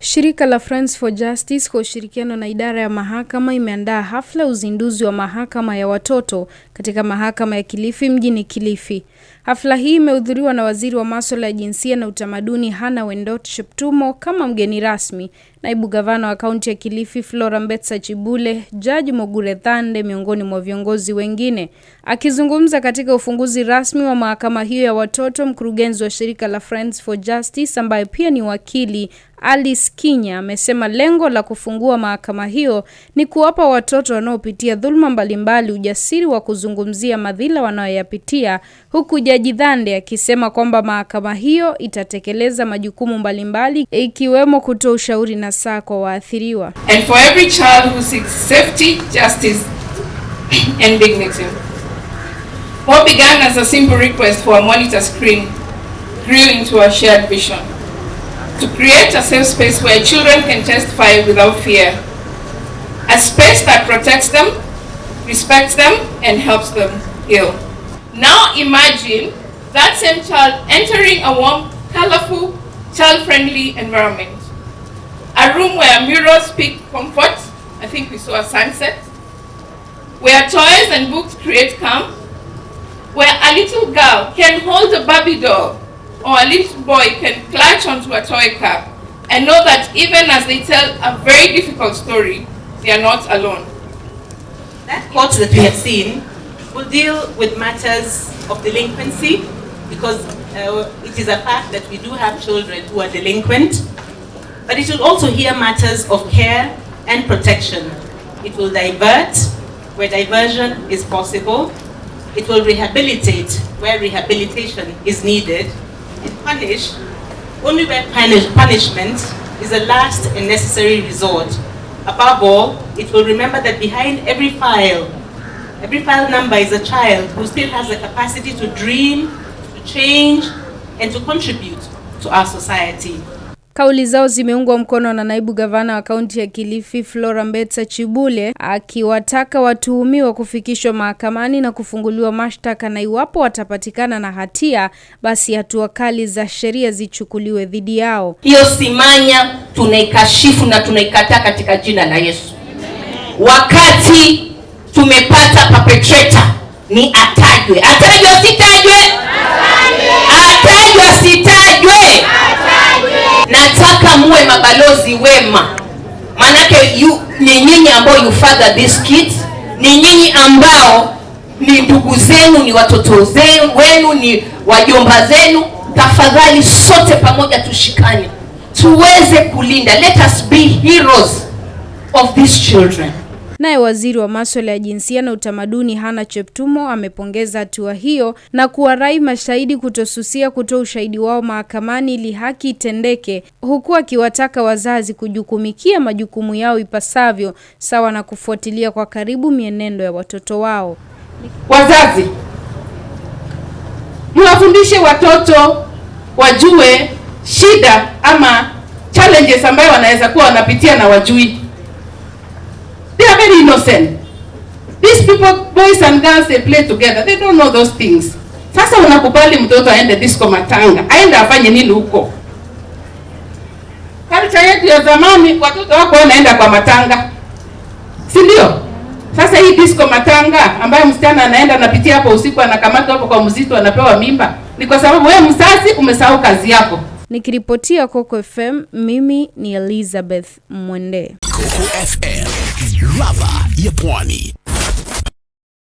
Shirika la Friends for Justice kwa ushirikiano na idara ya mahakama imeandaa hafla ya uzinduzi wa mahakama ya watoto katika mahakama ya Kilifi mjini Kilifi. Hafla hii imehudhuriwa na waziri wa masuala ya jinsia na utamaduni Hana Wendot Sheptumo kama mgeni rasmi naibu gavana wa kaunti ya Kilifi Flora Mbetsa Chibule, Jaji Mogure Thande miongoni mwa viongozi wengine. Akizungumza katika ufunguzi rasmi wa mahakama hiyo ya watoto, mkurugenzi wa shirika la Friends for Justice ambaye pia ni wakili Alice Kinya amesema lengo la kufungua mahakama hiyo ni kuwapa watoto wanaopitia dhuluma mbalimbali ujasiri wa kuzungumzia madhila wanayoyapitia, huku Jaji Dhande akisema kwamba mahakama hiyo itatekeleza majukumu mbalimbali ikiwemo kutoa ushauri na hasa kwa waathiriwa. And for every child who seeks safety, justice and dignity. What began as a simple request for a monitor screen grew into a shared vision to create a safe space where children can testify without fear. A space that protects them, respects them, and helps them heal. Now imagine that same child entering a warm, colorful, child-friendly environment a room where murals speak comfort. I think we saw a sunset. Where toys and books create calm. Where a little girl can hold a Barbie doll or a little boy can clutch onto a toy car and know that even as they tell a very difficult story, they are not alone. That quote that we have seen will deal with matters of delinquency because uh, it is a fact that we do have children who are delinquent but it will also hear matters of care and protection. It will divert where diversion is possible. It will rehabilitate where rehabilitation is needed and punish only where punish, punishment is a last and necessary resort. Above all, it will remember that behind every file, every file number is a child who still has the capacity to dream, to change, and to contribute to our society. Kauli zao zimeungwa mkono na naibu gavana wa kaunti ya Kilifi Flora Mbetsa Chibule akiwataka watuhumiwa kufikishwa mahakamani na kufunguliwa mashtaka, na iwapo watapatikana na hatia, basi hatua kali za sheria zichukuliwe dhidi yao. Hiyo Simanya tunaikashifu na tunaikataa katika jina la Yesu. Wakati tumepata perpetrator, ni atajwe, atajwe, sitajwe muwe mabalozi wema, maanake ni nyinyi ambao you father this kids, ni nyinyi ambao ni ndugu zenu, ni watoto zenu wenu, ni wajomba zenu. Tafadhali sote pamoja tushikane, tuweze kulinda. Let us be heroes of these children. Naye waziri wa maswala ya jinsia na utamaduni Hana Cheptumo amepongeza hatua hiyo na kuwarai mashahidi kutosusia kutoa ushahidi wao mahakamani ili haki itendeke, huku akiwataka wazazi kujukumikia majukumu yao ipasavyo, sawa na kufuatilia kwa karibu mienendo ya watoto wao. Wazazi mwafundishe watoto wajue shida ama challenges ambayo wanaweza kuwa wanapitia na wajui innocent. These people, boys and girls, they play together. They don't know those things. Sasa unakubali mtoto aende disco matanga, aende afanye nini huko? Culture yetu ya zamani, watoto wako wanaenda kwa matanga, si ndio? Sasa hii disco matanga ambayo msichana anaenda anapitia hapo usiku, anakamata hapo kwa mzito, anapewa mimba, ni kwa sababu wewe mzazi umesahau kazi yako. Nikiripotia Coco FM, mimi ni Elizabeth Mwende, Coco FM ladha ya pwani.